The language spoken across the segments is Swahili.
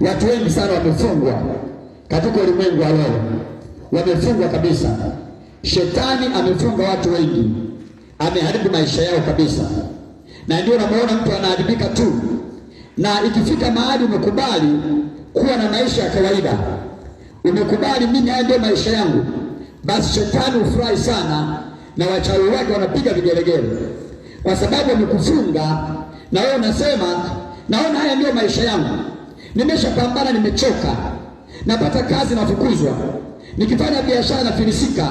Watu wengi sana wamefungwa katika ulimwengu wa leo, wamefungwa kabisa. Shetani amefunga watu wengi, ameharibu maisha yao kabisa, na ndio unamuona mtu anaharibika tu, na ikifika mahali umekubali kuwa na maisha ya kawaida, umekubali mimi, haya ndio maisha yangu, basi shetani hufurahi sana, na wachawi wake wanapiga vigelegele, kwa sababu amekufunga na wewe unasema, naona haya ndiyo maisha yangu Nimeshapambana, nimechoka, napata kazi nafukuzwa, nikifanya biashara nafilisika,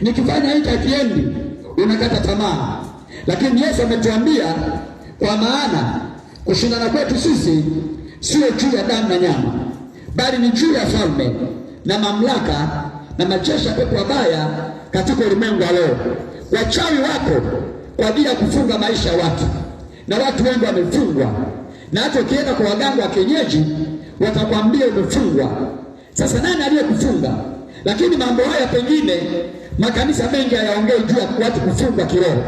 nikifanya hiki hakiendi, unakata tamaa. Lakini Yesu ametuambia kwa maana kushindana kwetu sisi sio juu ya damu na nyama, bali ni juu ya falme na mamlaka na majeshi ya pepo wabaya katika ulimwengu wa leo. Wachawi wako kwa ajili ya kufunga maisha ya watu, na watu wengi wamefungwa na hata ukienda kwa waganga wa kienyeji watakwambia umefungwa. Sasa nani aliyekufunga? Lakini mambo haya pengine makanisa mengi hayaongei juu ya watu kufungwa kiroho.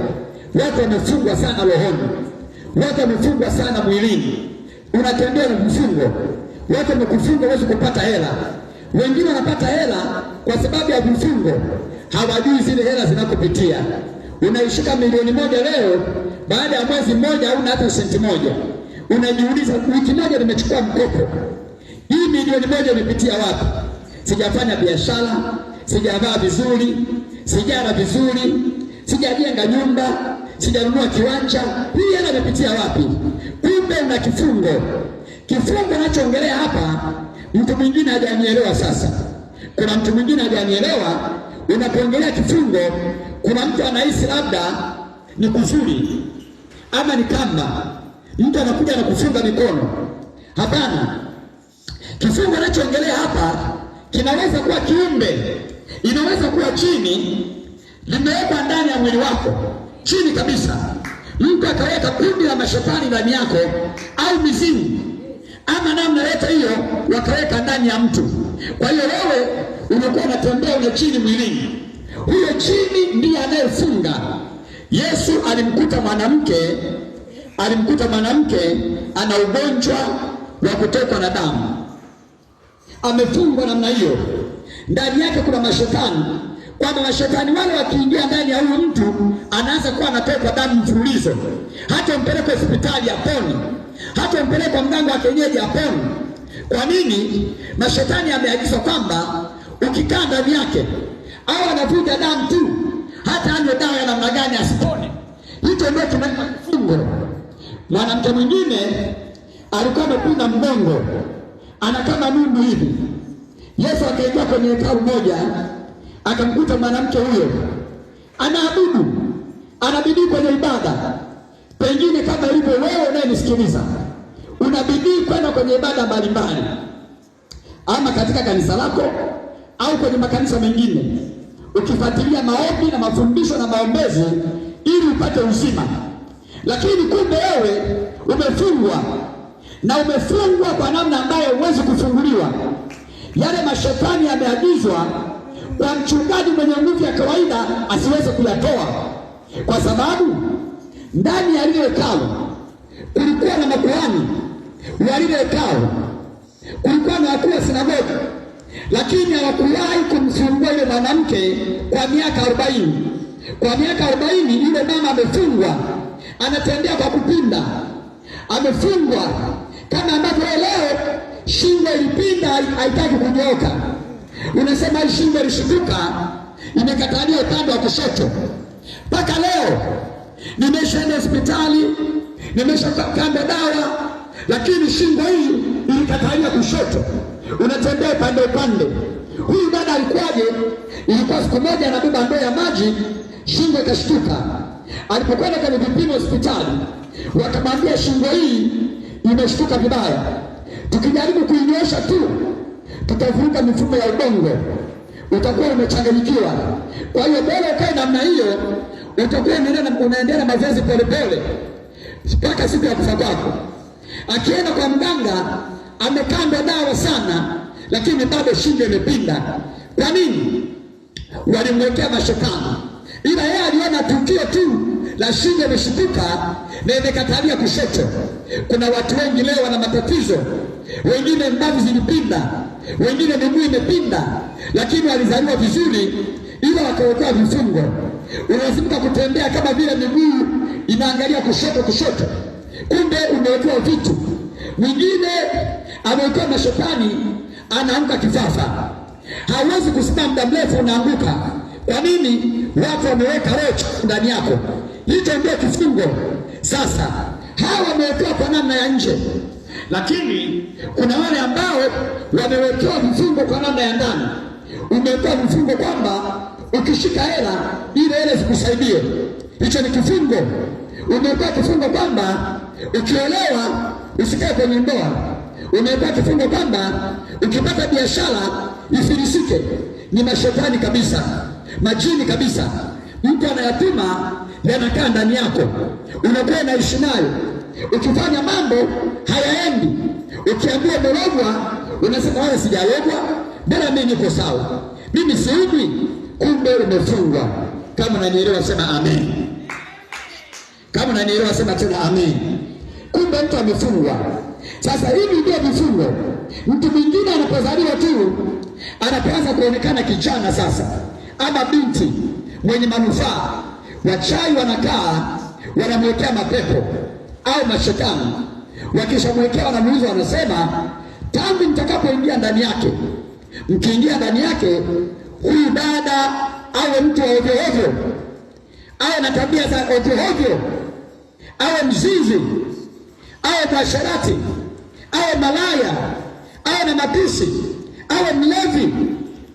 Watu wamefungwa sana rohoni, watu wamefungwa sana mwilini, unatembea na mfungo. Watu wamekufungwa, huwezi kupata hela. Wengine wanapata hela kwa sababu ya mfungo, hawajui zile hela zinakopitia Unaishika milioni moja leo, baada ya mwezi mmoja hauna hata senti moja unajiuliza wiki moja nimechukua mkopo, hii milioni moja imepitia wapi? Sijafanya biashara, sijavaa vizuri, sijala vizuri, sijajenga nyumba, sijanunua kiwanja, hii hela imepitia wapi? Kumbe na kifungo. Kifungo anachoongelea hapa, mtu mwingine hajanielewa. Sasa kuna mtu mwingine hajanielewa. Unapoongelea kifungo, kuna mtu anahisi labda ni kuzuri ama ni kamba mtu anakuja na kufunga mikono. Hapana, kifungo anachoongelea hapa kinaweza kuwa kiumbe, inaweza kuwa chini limewekwa ndani ya mwili wako chini kabisa, mtu akaweka kundi la mashetani ndani yako, au mizimu ama namna yote hiyo, wakaweka ndani ya mtu. Kwa hiyo wewe unakuwa unatembea ule chini mwilini, huyo chini ndiye anayefunga. Yesu alimkuta mwanamke alimkuta mwanamke ana ugonjwa wa kutokwa na damu, amefungwa namna hiyo, ndani yake kuna mashetani, kwamba mashetani wale wakiingia ndani ya huyu mtu anaanza kuwa anatokwa damu mfululizo, hata mpeleke hospitali apone, hata umpeleke mganga wa kienyeji apone. Kwa nini? Mashetani ameagizwa kwamba ukikaa ndani yake au anavuja damu tu, hata anywe dawa ya namna gani asipone. Hicho ndio kinaweka Mwanamke mwingine alikuwa amepinda mgongo, ana kama nundu hivi. Yesu akaingia kwenye hekalu moja, akamkuta mwanamke huyo anaabudu, anabidii kwenye ibada. Pengine kama ilivyo wewe unayenisikiliza, unabidii kwenda kwenye ibada mbalimbali, ama katika kanisa lako au kwenye makanisa mengine, ukifuatilia maombi na mafundisho na maombezi ili upate uzima lakini kumbe wewe umefungwa na umefungwa kwa namna ambayo huwezi kufunguliwa. Yale mashetani yameagizwa kwa mchungaji mwenye nguvu ya kawaida asiweze kuyatoa, kwa sababu ndani ya lile hekalu kulikuwa na makuhani wa lile hekalu, kulikuwa na wakuu wa sinagogi, lakini hawakuwahi kumfungua yule mwanamke kwa miaka arobaini. Kwa miaka arobaini yule mama amefungwa anatembea kwa kupinda, amefungwa kama ambavyo leo shingo ilipinda, haitaki kunyoka. Unasema hii shingo ilishukuka, imekatalia upande wa kushoto. Mpaka leo nimeshaenda hospitali, nimeshakanda dawa, lakini shingo hii ilikatalia kushoto, unatembea upande upande. Huyu dada alikuwaje? Ilikuwa siku moja anabeba ndoo ya maji, shingo ikashtuka Alipokwenda kwenye vipimo hospitali, wakamwambia shingo hii imeshtuka vibaya, tukijaribu kuinyosha tu tutavuruka mifumo ya ubongo, utakuwa umechanganyikiwa. Kwa hiyo bora ukae namna hiyo, utakuwa unaendelea na mazoezi polepole mpaka siku ya kufa kwako. Akienda kwa mganga, amekamba dawa sana, lakini bado shingo imepinda. Kwa nini? Walimwekea mashokano ila yeye aliona tukio tu la shingo imeshibuka na imekatalia kushoto. Kuna watu wengi leo wana matatizo, wengine mbavu zilipinda, wengine miguu imepinda, lakini walizaliwa vizuri, ila wakawekewa vifungo. Unalazimika kutembea kama vile miguu inaangalia kushoto kushoto, kumbe umewekewa vitu. Mwingine amewekewa mashetani, anaanguka kifafa, hawezi kusimama muda mrefu, unaanguka kwa nini watu wameweka roho ndani yako? Hicho ndio kifungo. Sasa hawa wamewekewa kwa namna ya nje, lakini kuna wale ambao wamewekewa mfungo kwa namna ya ndani. Umewekewa mfungo kwamba ukishika hela ile hela zikusaidie hicho ni kifungo. Umewekewa kifungo kwamba ukiolewa usikae kwenye ndoa. Umewekewa kifungo kwamba ukipata biashara ifilisike. Ni mashetani kabisa majini kabisa. Mtu anayapima yanakaa ndani yako, unakuwa unaishi nayo. Ukifanya mambo hayaendi, ukiambia umelogwa, unasema wewe, sijalogwa, mbona mimi niko sawa, mimi siumwi. Kumbe umefungwa. Kama unanielewa sema amen. Kama unanielewa sema tena amen. Kumbe mtu amefungwa. Sasa hivi ndio vifungo. Mtu mwingine anapozaliwa tu anapoanza kuonekana kijana sasa ama binti wenye manufaa, wachawi wanakaa wanamwekea mapepo au mashetani, wakishamwekea wanamuuza, wanasema tangu mtakapoingia ndani yake, mkiingia ndani yake, huyu dada awe mtu wa ovyoovyo, awe na tabia za ovyoovyo, awe mzinzi, awe mwasherati, awe malaya, awe na mapisi, awe mlevi,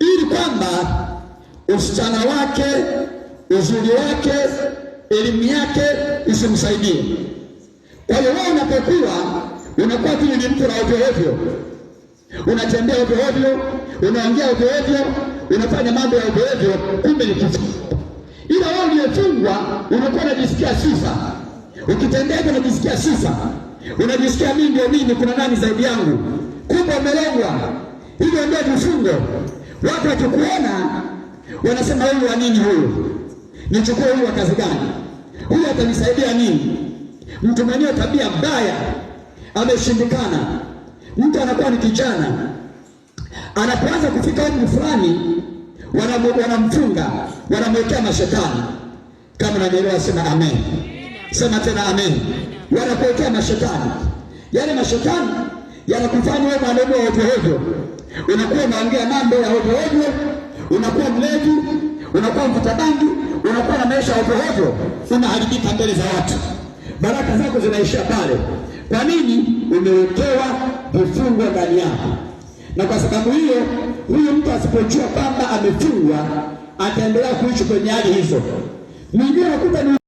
ili kwamba usichana wake, uzuri wake, elimu yake isimsaidie. Kwa hiyo wewe unapokuwa unakuwa tu ni mtu la ovyo ovyo, unatembea ovyo ovyo, unaongea ovyo ovyo, unafanya mambo ya ovyo ovyo, kumbe ni kitu. Ila wewe uliyefungwa unakuwa unajisikia sifa, ukitendea hivyo unajisikia sifa, unajisikia mimi ndio mimi, kuna nani zaidi yangu? Kumbe umelengwa. Hivyo ndio vifungo. Watu wakikuona wanasema huyu wa nini? Huyu nichukue huyu wa kazi gani? Huyu atanisaidia nini? Mtu mwenye tabia mbaya ameshindikana. Mtu anakuwa ni kijana, anapoanza kufika umri fulani, wanamfunga, wanamwekea mashetani. Kama unanielewa, sema amen. Sema tena amen. Wanakuwekea mashetani, yale yaani mashetani yanakufanya wewe mwanadamu wa ovyo ovyo, unakuwa unaongea mambo ya ovyo ovyo unakuwa mlevi, unakuwa mvuta bangi, unakuwa na maisha ovyo ovyo, unaharibika mbele za watu, baraka zako zinaishia pale. Kwa nini? Umewekewa vifungo ndani yako, na kwa sababu hiyo, huyu mtu asipojua kwamba amefungwa ataendelea kuishi kwenye hali hizo. Mwingine anakuta ni